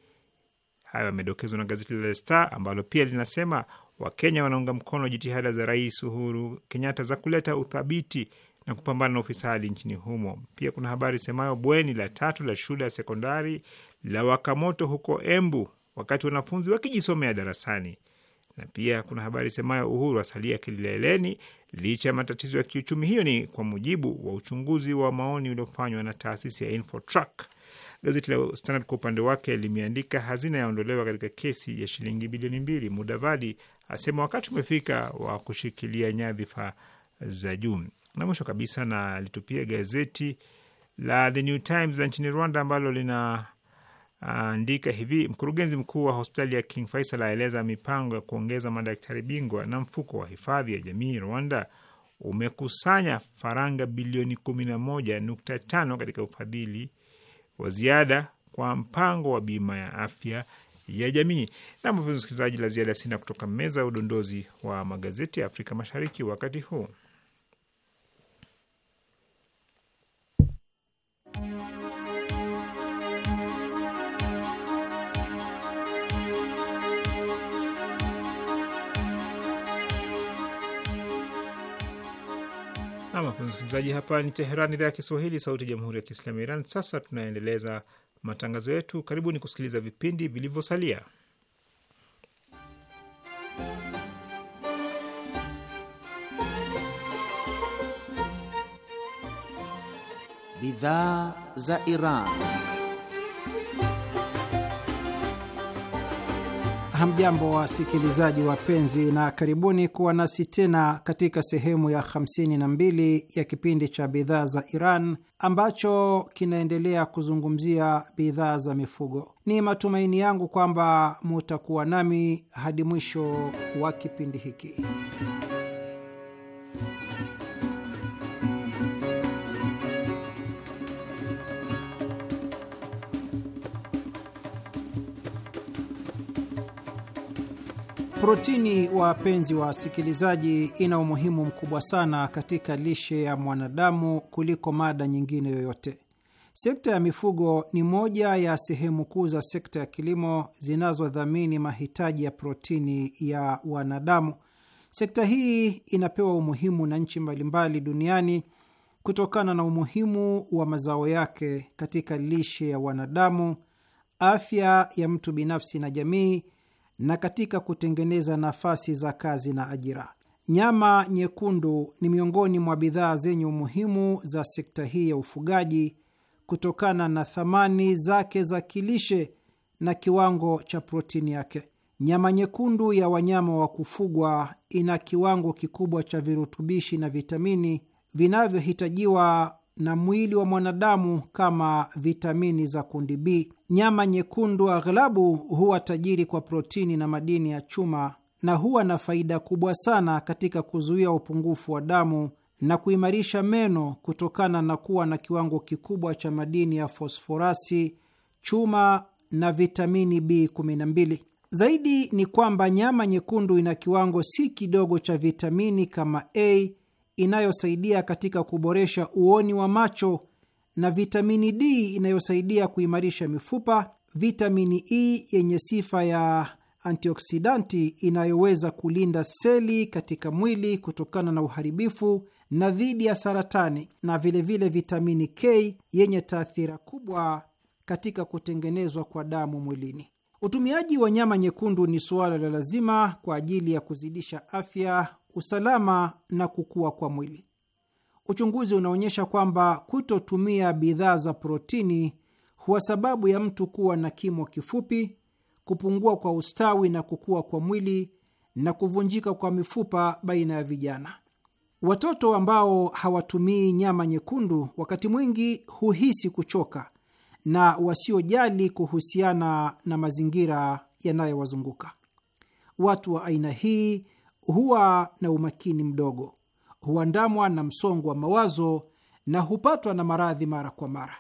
Hayo yamedokezwa na gazeti la Star ambalo pia linasema Wakenya wanaunga mkono jitihada za Rais Uhuru Kenyatta za kuleta uthabiti na kupambana na ufisadi nchini humo. Pia kuna habari semayo bweni la tatu la shule ya sekondari la Wakamoto huko Embu, wakati wanafunzi wakijisomea darasani. Na pia kuna habari semayo Uhuru asalia kileleni licha ya matatizo ya kiuchumi. Hiyo ni kwa mujibu wa uchunguzi wa maoni uliofanywa na taasisi ya Infotrack. Gazeti la Standard kwa upande wake limeandika hazina yaondolewa katika kesi ya shilingi bilioni mbili. Mudavadi asema wakati umefika wa kushikilia nyadhifa za juu. Na mwisho kabisa, nalitupia gazeti la The New Times la nchini Rwanda ambalo lina andika hivi: mkurugenzi mkuu wa hospitali ya King Faisal aeleza mipango ya kuongeza madaktari bingwa, na mfuko wa hifadhi ya jamii Rwanda umekusanya faranga bilioni 11.5 katika ufadhili wa ziada kwa mpango wa bima ya afya ya jamii. Na mpenzi msikilizaji, la ziada sina kutoka meza ya udondozi wa magazeti ya Afrika Mashariki wakati huu. Nam, msikilizaji, hapa ni Teheran, idhaa ya Kiswahili, sauti ya jamhuri ya kiislamu ya Iran. Sasa tunaendeleza matangazo yetu. Karibuni kusikiliza vipindi vilivyosalia. Bidhaa za Iran. Hamjambo wasikilizaji wapenzi, na karibuni kuwa nasi tena katika sehemu ya 52 ya kipindi cha bidhaa za Iran ambacho kinaendelea kuzungumzia bidhaa za mifugo. Ni matumaini yangu kwamba mutakuwa nami hadi mwisho wa kipindi hiki. Protini, wapenzi wa wasikilizaji, ina umuhimu mkubwa sana katika lishe ya mwanadamu kuliko mada nyingine yoyote. Sekta ya mifugo ni moja ya sehemu kuu za sekta ya kilimo zinazodhamini mahitaji ya protini ya wanadamu. Sekta hii inapewa umuhimu na nchi mbalimbali duniani kutokana na umuhimu wa mazao yake katika lishe ya wanadamu, afya ya mtu binafsi na jamii na katika kutengeneza nafasi za kazi na ajira. Nyama nyekundu ni miongoni mwa bidhaa zenye umuhimu za sekta hii ya ufugaji kutokana na thamani zake za kilishe na kiwango cha protini yake. Nyama nyekundu ya wanyama wa kufugwa ina kiwango kikubwa cha virutubishi na vitamini vinavyohitajiwa na mwili wa mwanadamu kama vitamini za kundi B. Nyama nyekundu aghlabu huwa tajiri kwa protini na madini ya chuma na huwa na faida kubwa sana katika kuzuia upungufu wa damu na kuimarisha meno kutokana na kuwa na kiwango kikubwa cha madini ya fosforasi, chuma na vitamini B12. Zaidi ni kwamba nyama nyekundu ina kiwango si kidogo cha vitamini kama A inayosaidia katika kuboresha uoni wa macho na vitamini D inayosaidia kuimarisha mifupa, vitamini E yenye sifa ya antioksidanti inayoweza kulinda seli katika mwili kutokana na uharibifu na dhidi ya saratani, na vilevile vile vitamini K yenye taathira kubwa katika kutengenezwa kwa damu mwilini. Utumiaji wa nyama nyekundu ni suala la lazima kwa ajili ya kuzidisha afya, usalama na kukua kwa mwili. Uchunguzi unaonyesha kwamba kutotumia bidhaa za protini huwa sababu ya mtu kuwa na kimo kifupi, kupungua kwa ustawi na kukua kwa mwili na kuvunjika kwa mifupa baina ya vijana. Watoto ambao hawatumii nyama nyekundu wakati mwingi huhisi kuchoka na wasiojali kuhusiana na mazingira yanayowazunguka. Watu wa aina hii huwa na umakini mdogo, huandamwa na msongo wa mawazo na hupatwa na maradhi mara kwa mara.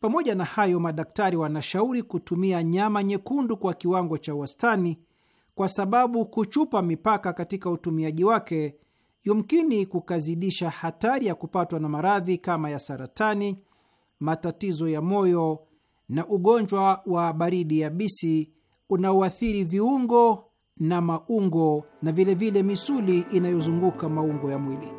Pamoja na hayo, madaktari wanashauri kutumia nyama nyekundu kwa kiwango cha wastani, kwa sababu kuchupa mipaka katika utumiaji wake yumkini kukazidisha hatari ya kupatwa na maradhi kama ya saratani, matatizo ya moyo na ugonjwa wa baridi yabisi unaoathiri viungo na maungo na vilevile vile misuli inayozunguka maungo ya mwili.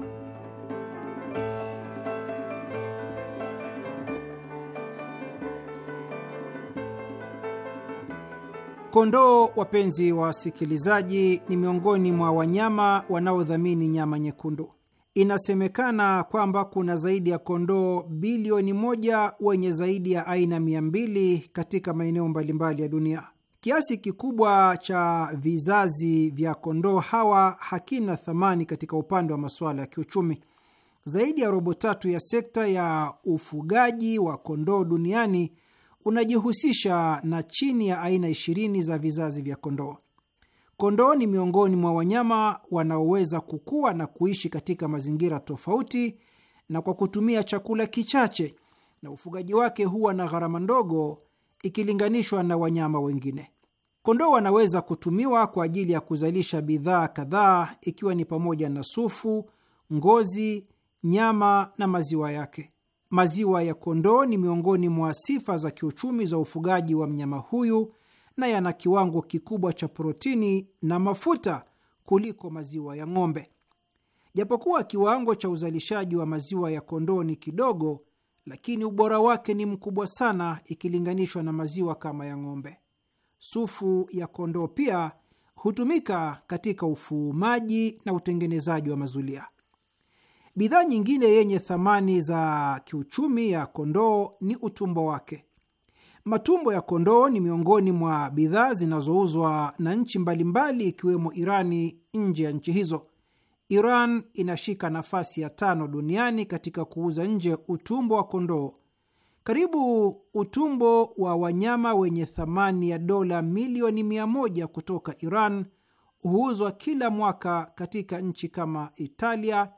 Kondoo, wapenzi wa wasikilizaji, ni miongoni mwa wanyama wanaodhamini nyama nyekundu. Inasemekana kwamba kuna zaidi ya kondoo bilioni moja wenye zaidi ya aina mia mbili katika maeneo mbalimbali ya dunia. Kiasi kikubwa cha vizazi vya kondoo hawa hakina thamani katika upande wa masuala ya kiuchumi. Zaidi ya robo tatu ya sekta ya ufugaji wa kondoo duniani unajihusisha na chini ya aina ishirini za vizazi vya kondoo. Kondoo ni miongoni mwa wanyama wanaoweza kukua na kuishi katika mazingira tofauti na kwa kutumia chakula kichache, na ufugaji wake huwa na gharama ndogo ikilinganishwa na wanyama wengine. Kondoo wanaweza kutumiwa kwa ajili ya kuzalisha bidhaa kadhaa, ikiwa ni pamoja na sufu, ngozi, nyama na maziwa yake. Maziwa ya kondoo ni miongoni mwa sifa za kiuchumi za ufugaji wa mnyama huyu na yana kiwango kikubwa cha protini na mafuta kuliko maziwa ya ng'ombe. Japokuwa kiwango cha uzalishaji wa maziwa ya kondoo ni kidogo, lakini ubora wake ni mkubwa sana ikilinganishwa na maziwa kama ya ng'ombe. Sufu ya kondoo pia hutumika katika ufumaji na utengenezaji wa mazulia. Bidhaa nyingine yenye thamani za kiuchumi ya kondoo ni utumbo wake. Matumbo ya kondoo ni miongoni mwa bidhaa zinazouzwa na nchi mbalimbali ikiwemo Irani nje ya nchi hizo. Iran inashika nafasi ya tano duniani katika kuuza nje utumbo wa kondoo karibu utumbo wa wanyama wenye thamani ya dola milioni mia moja kutoka Iran huuzwa kila mwaka katika nchi kama Italia,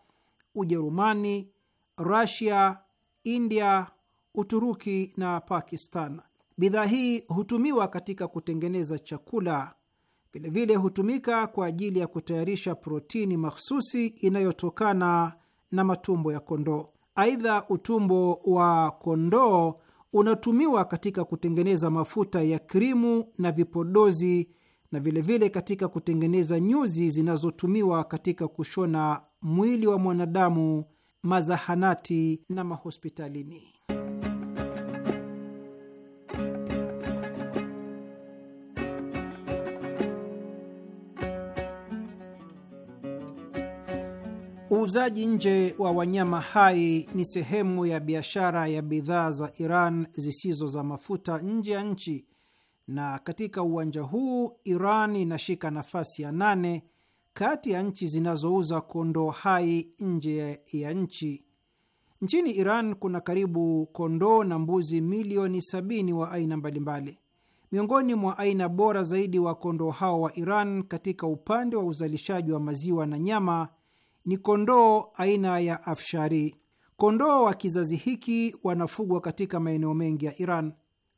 Ujerumani, Rasia, India, Uturuki na Pakistan. Bidhaa hii hutumiwa katika kutengeneza chakula. Vilevile hutumika kwa ajili ya kutayarisha protini mahsusi inayotokana na matumbo ya kondoo. Aidha, utumbo wa kondoo unatumiwa katika kutengeneza mafuta ya krimu na vipodozi na vilevile vile katika kutengeneza nyuzi zinazotumiwa katika kushona mwili wa mwanadamu mazahanati na mahospitalini. Uuzaji nje wa wanyama hai ni sehemu ya biashara ya bidhaa za Iran zisizo za mafuta nje ya nchi, na katika uwanja huu Iran inashika nafasi ya nane kati ya nchi zinazouza kondoo hai nje ya nchi. Nchini Iran kuna karibu kondoo na mbuzi milioni sabini wa aina mbalimbali. Miongoni mwa aina bora zaidi wa kondoo hao wa Iran katika upande wa uzalishaji wa maziwa na nyama ni kondoo aina ya Afshari. Kondoo wa kizazi hiki wanafugwa katika maeneo mengi ya Iran.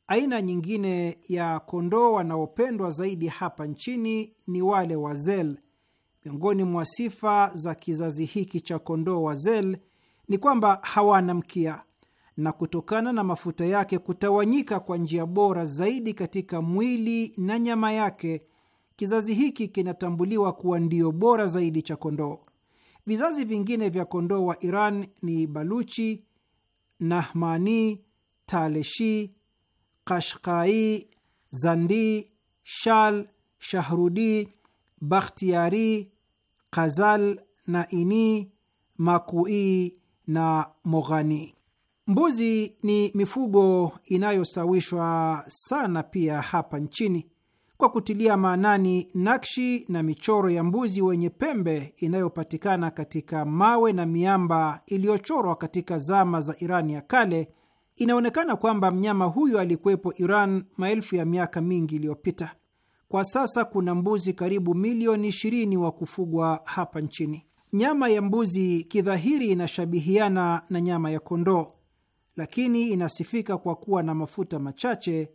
Aina nyingine ya kondoo wanaopendwa zaidi hapa nchini ni wale wa Zel. Miongoni mwa sifa za kizazi hiki cha kondoo wa Zel ni kwamba hawana mkia, na kutokana na mafuta yake kutawanyika kwa njia bora zaidi katika mwili na nyama yake, kizazi hiki kinatambuliwa kuwa ndio bora zaidi cha kondoo. Vizazi vingine vya kondoo wa Iran ni Baluchi, Nahmani, Taleshi, Kashkai, Zandi, Shal, Shahrudi, Bakhtiari, Kazal, Naini, Makui na Moghani. Mbuzi ni mifugo inayosawishwa sana pia hapa nchini kwa kutilia maanani nakshi na michoro ya mbuzi wenye pembe inayopatikana katika mawe na miamba iliyochorwa katika zama za iran ya kale, inaonekana kwamba mnyama huyo alikuwepo Iran maelfu ya miaka mingi iliyopita. Kwa sasa kuna mbuzi karibu milioni 20 wa kufugwa hapa nchini. Nyama ya mbuzi kidhahiri inashabihiana na nyama ya kondoo, lakini inasifika kwa kuwa na mafuta machache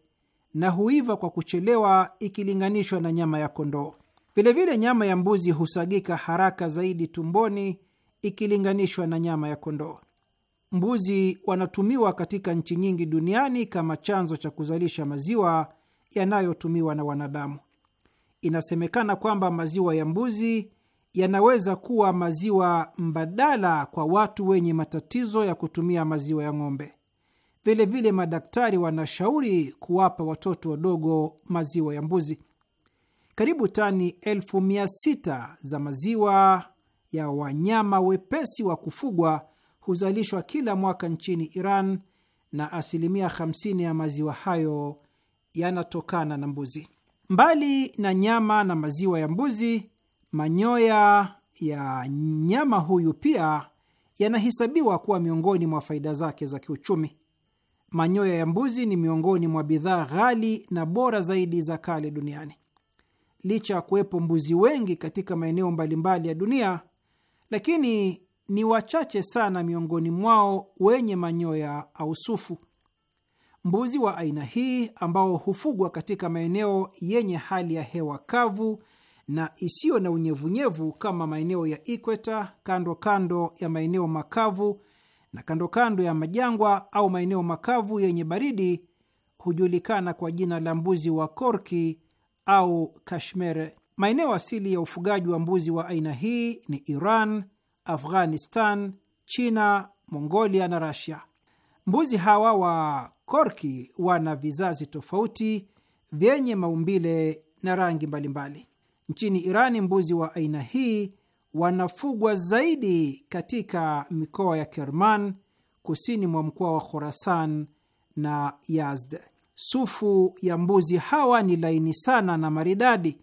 na huiva kwa kuchelewa ikilinganishwa na nyama ya kondoo. Vilevile nyama ya mbuzi husagika haraka zaidi tumboni ikilinganishwa na nyama ya kondoo. Mbuzi wanatumiwa katika nchi nyingi duniani kama chanzo cha kuzalisha maziwa yanayotumiwa na wanadamu. Inasemekana kwamba maziwa ya mbuzi yanaweza kuwa maziwa mbadala kwa watu wenye matatizo ya kutumia maziwa ya ng'ombe. Vilevile vile madaktari wanashauri kuwapa watoto wadogo maziwa ya mbuzi. Karibu tani elfu mia sita za maziwa ya wanyama wepesi wa kufugwa huzalishwa kila mwaka nchini Iran na asilimia 50 ya maziwa hayo yanatokana na mbuzi. Mbali na nyama na maziwa ya mbuzi, manyoya ya nyama huyu pia yanahesabiwa kuwa miongoni mwa faida zake za kiuchumi manyoya ya mbuzi ni miongoni mwa bidhaa ghali na bora zaidi za kale duniani. Licha ya kuwepo mbuzi wengi katika maeneo mbalimbali ya dunia, lakini ni wachache sana miongoni mwao wenye manyoya au sufu. Mbuzi wa aina hii ambao hufugwa katika maeneo yenye hali ya hewa kavu na isiyo na unyevunyevu kama maeneo ya ikweta, kando kando ya maeneo makavu na kando kando ya majangwa au maeneo makavu yenye baridi hujulikana kwa jina la mbuzi wa korki au kashmere. Maeneo asili ya ufugaji wa mbuzi wa aina hii ni Iran, Afghanistan, China, Mongolia na Rasia. Mbuzi hawa wa korki wana vizazi tofauti vyenye maumbile na rangi mbalimbali. Nchini Irani, mbuzi wa aina hii wanafugwa zaidi katika mikoa ya Kerman, kusini mwa mkoa wa Khorasan na Yazd. Sufu ya mbuzi hawa ni laini sana na maridadi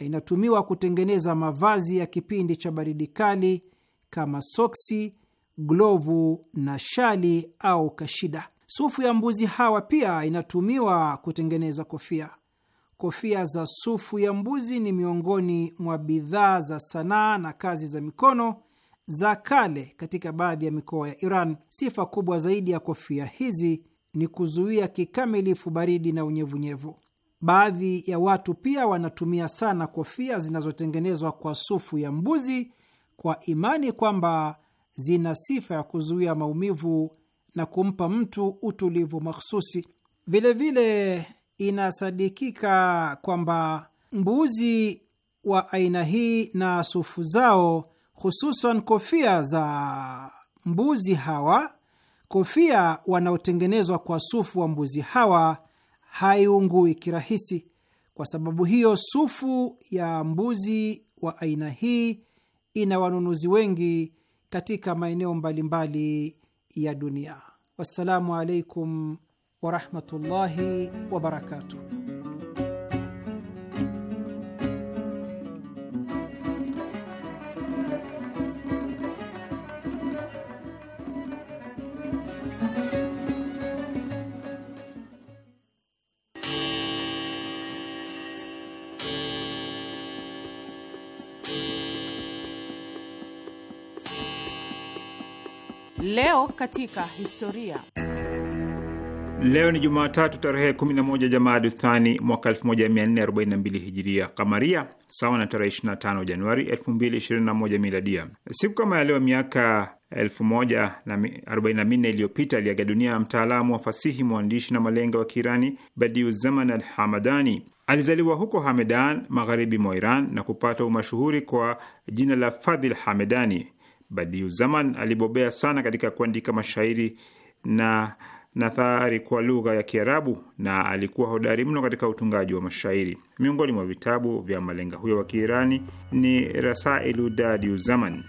na inatumiwa kutengeneza mavazi ya kipindi cha baridi kali kama soksi, glovu na shali au kashida. Sufu ya mbuzi hawa pia inatumiwa kutengeneza kofia. Kofia za sufu ya mbuzi ni miongoni mwa bidhaa za sanaa na kazi za mikono za kale katika baadhi ya mikoa ya Iran. Sifa kubwa zaidi ya kofia hizi ni kuzuia kikamilifu baridi na unyevunyevu. Baadhi ya watu pia wanatumia sana kofia zinazotengenezwa kwa sufu ya mbuzi kwa imani kwamba zina sifa ya kuzuia maumivu na kumpa mtu utulivu makhususi. Vilevile inasadikika kwamba mbuzi wa aina hii na sufu zao, hususan kofia za mbuzi hawa, kofia wanaotengenezwa kwa sufu wa mbuzi hawa haiungui kirahisi. Kwa sababu hiyo, sufu ya mbuzi wa aina hii ina wanunuzi wengi katika maeneo mbalimbali ya dunia. Wassalamu alaikum warahmatullahi wabarakatuh. Leo katika historia Leo ni Jumatatu tarehe 11 Jamaadu Thani mwaka 1442 hijiria kamaria, sawa na tarehe 25 Januari 2021 miladia. Siku kama ya leo miaka 1044 iliyopita aliaga dunia ya mtaalamu wa fasihi, mwandishi na malenga wa Kiirani Badiuzaman al Hamadani. Alizaliwa huko Hamedan, magharibi mwa Iran, na kupata umashuhuri kwa jina la Fadhil Hamedani. badiu zaman alibobea sana katika kuandika mashairi na nathari kwa lugha ya Kiarabu na alikuwa hodari mno katika utungaji wa mashairi. Miongoni mwa vitabu vya malenga huyo wa Kiirani ni Rasailu Dadiu Zaman.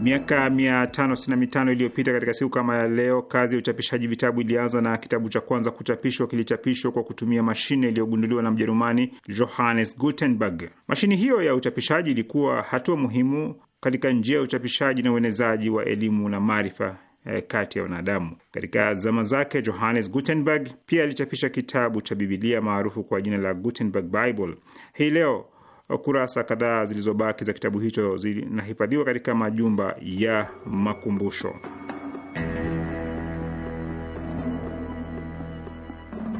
Miaka 565 iliyopita katika siku kama ya leo, kazi ya uchapishaji vitabu ilianza na kitabu cha kwanza kuchapishwa kilichapishwa kwa kutumia mashine iliyogunduliwa na Mjerumani Johannes Gutenberg. Mashine hiyo ya uchapishaji ilikuwa hatua muhimu katika njia ya uchapishaji na uenezaji wa elimu na maarifa eh, kati ya wanadamu. Katika zama zake, Johannes Gutenberg pia alichapisha kitabu cha Bibilia maarufu kwa jina la Gutenberg Bible. Hii leo kurasa kadhaa zilizobaki za kitabu hicho zinahifadhiwa katika majumba ya makumbusho.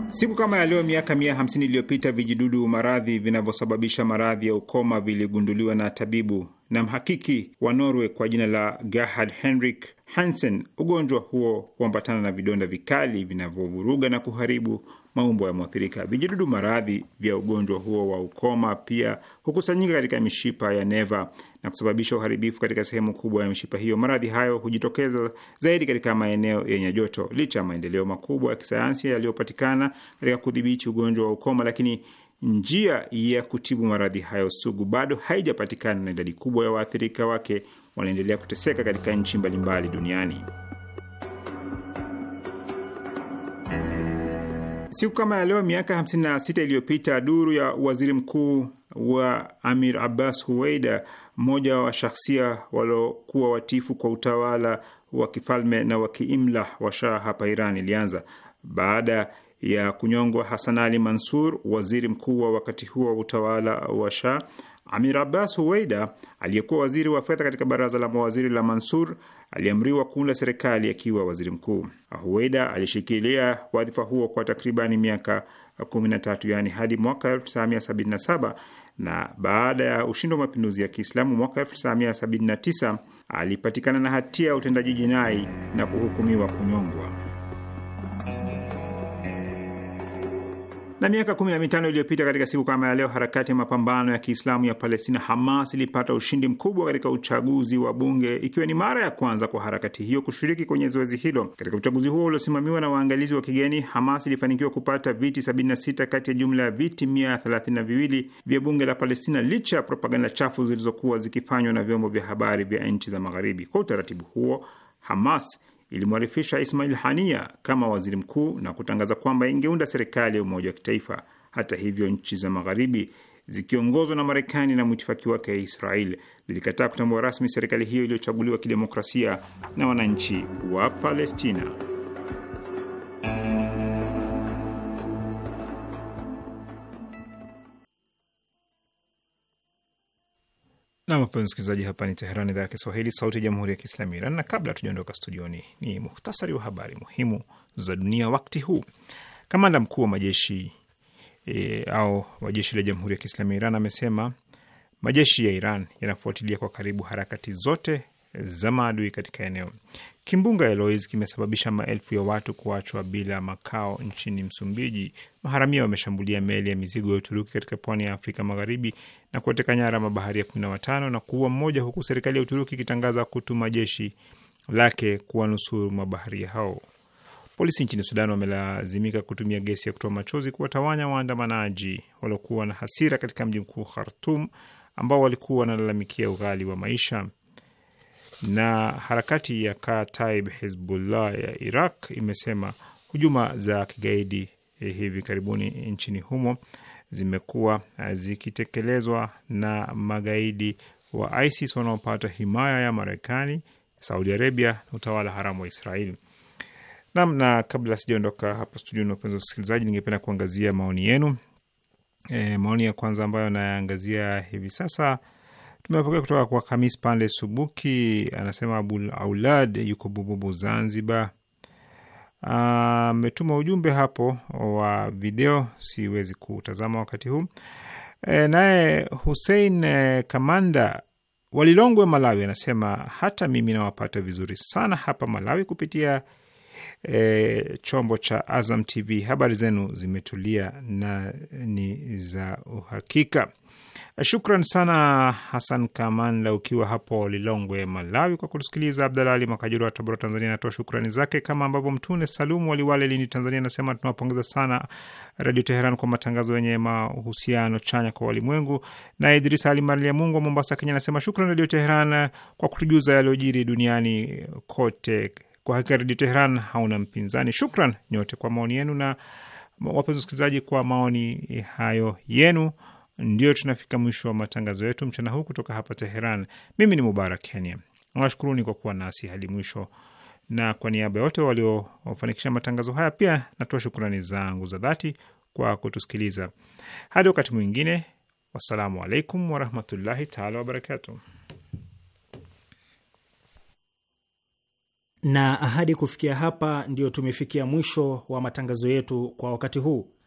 Siku kama ya leo miaka mia hamsini iliyopita vijidudu maradhi vinavyosababisha maradhi ya ukoma viligunduliwa na tabibu na mhakiki wa Norway kwa jina la Gerhard Henrik Hansen. Ugonjwa huo huambatana na vidonda vikali vinavyovuruga na kuharibu maumbo ya mwathirika. Vijidudu maradhi vya ugonjwa huo wa ukoma pia hukusanyika katika mishipa ya neva na kusababisha uharibifu katika sehemu kubwa ya mishipa hiyo. Maradhi hayo hujitokeza zaidi katika maeneo yenye joto. Licha ya maendeleo makubwa ya kisayansi yaliyopatikana katika kudhibiti ugonjwa wa ukoma, lakini njia ya kutibu maradhi hayo sugu bado haijapatikana na idadi kubwa ya waathirika wake wanaendelea kuteseka katika nchi mbalimbali duniani. Siku kama ya leo miaka 56 iliyopita, duru ya waziri mkuu wa Amir Abbas Huweida, mmoja wa shahsia waliokuwa watifu kwa utawala wa kifalme na wa kiimla wa Shah hapa Iran ilianza baada ya kunyongwa Hasan Ali Mansur, waziri mkuu wa wakati huo wa utawala wa Shah. Amir Abbas Huweida aliyekuwa waziri wa fedha katika baraza la mawaziri la Mansur aliamriwa kuunda serikali akiwa waziri mkuu. Huweida alishikilia wadhifa huo kwa takribani miaka 13 yani hadi mwaka 1977 na baada ya ushindi wa mapinduzi ya Kiislamu mwaka 1979 alipatikana na hatia ya utendaji jinai na kuhukumiwa kunyongwa. Na miaka kumi na mitano iliyopita katika siku kama ya leo, harakati ya mapambano ya Kiislamu ya Palestina Hamas ilipata ushindi mkubwa katika uchaguzi wa bunge, ikiwa ni mara ya kwanza kwa harakati hiyo kushiriki kwenye zoezi hilo. Katika uchaguzi huo uliosimamiwa na waangalizi wa kigeni, Hamas ilifanikiwa kupata viti 76 kati ya jumla ya viti 132 vya bunge la Palestina, licha ya propaganda chafu zilizokuwa zikifanywa na vyombo vya habari vya nchi za Magharibi. Kwa utaratibu huo Hamas ilimwarifisha Ismail Hania kama waziri mkuu na kutangaza kwamba ingeunda serikali ya umoja wa kitaifa. Hata hivyo, nchi za magharibi zikiongozwa na Marekani na mwitifaki wake Israel zilikataa kutambua rasmi serikali hiyo iliyochaguliwa kidemokrasia na wananchi wa Palestina. Nam, wapenzi msikilizaji, hapa ni Teherani, idhaa ya Kiswahili, sauti ya jamhuri ya kiislamu Iran. Na kabla tujaondoka studioni, ni muhtasari wa habari muhimu za dunia wakti huu. Kamanda mkuu wa majeshi e, au wa jeshi la jamhuri ya kiislamu ya Iran amesema majeshi ya Iran yanafuatilia kwa karibu harakati zote za maadui katika eneo. Kimbunga Eloise kimesababisha maelfu ya watu kuachwa bila makao nchini Msumbiji. Maharamia wameshambulia meli ya mizigo ya Uturuki katika pwani ya Afrika Magharibi na kuwateka nyara mabaharia 15 na kuua mmoja, huku serikali ya Uturuki ikitangaza kutuma jeshi lake kuwanusuru mabaharia hao. Polisi nchini Sudan wamelazimika kutumia gesi ya kutoa machozi kuwatawanya waandamanaji waliokuwa na hasira katika mji mkuu Khartum, ambao walikuwa wanalalamikia ughali wa maisha. Na harakati ya Kataib Hezbollah ya Iraq imesema hujuma za kigaidi eh, hivi karibuni nchini humo zimekuwa eh, zikitekelezwa na magaidi wa ISIS wanaopata himaya ya Marekani, Saudi Arabia na utawala haramu wa Israeli. Nam, na kabla sijaondoka hapa studioni, wapenzi wasikilizaji, ningependa kuangazia maoni yenu. E, maoni ya kwanza ambayo nayaangazia hivi sasa tumepokea kutoka kwa Kamis Pande Subuki, anasema Abul Aulad yuko Bububu, Zanzibar ametuma ujumbe hapo wa video, siwezi kutazama wakati huu. E, naye Hussein e, Kamanda Walilongwe, Malawi, anasema hata mimi nawapata vizuri sana hapa Malawi kupitia e, chombo cha Azam TV. Habari zenu zimetulia na ni za uhakika. Shukran sana Hasan Kamanla ukiwa hapo Lilongwe, Malawi, kwa kutusikiliza. Abdalali Makajuru wa Tabora, Tanzania, anatoa shukrani zake, kama ambavyo Mtune Salumu Waliwale, Lini, Tanzania, anasema tunawapongeza sana Radio Teheran kwa matangazo yenye mahusiano chanya kwa walimwengu. Na Idris Ali Mungu wa Mombasa, Kenya, anasema shukran Radio Teheran kwa kutujuza yaliyojiri duniani kote. Kwa hakika Radio Teheran hauna mpinzani. Shukran nyote kwa maoni yenu, na wapenzi wasikilizaji, kwa maoni hayo yenu ndio tunafika mwisho wa matangazo yetu mchana huu kutoka hapa Teheran. Mimi ni Mubarak Kenya, nawashukuruni kwa kuwa nasi hadi mwisho, na kwa niaba ya wote waliofanikisha matangazo haya, pia natoa shukrani zangu za dhati kwa kutusikiliza. Hadi wakati mwingine, wassalamu alaikum warahmatullahi taala wabarakatu Na ahadi kufikia hapa, ndio tumefikia mwisho wa matangazo yetu kwa wakati huu.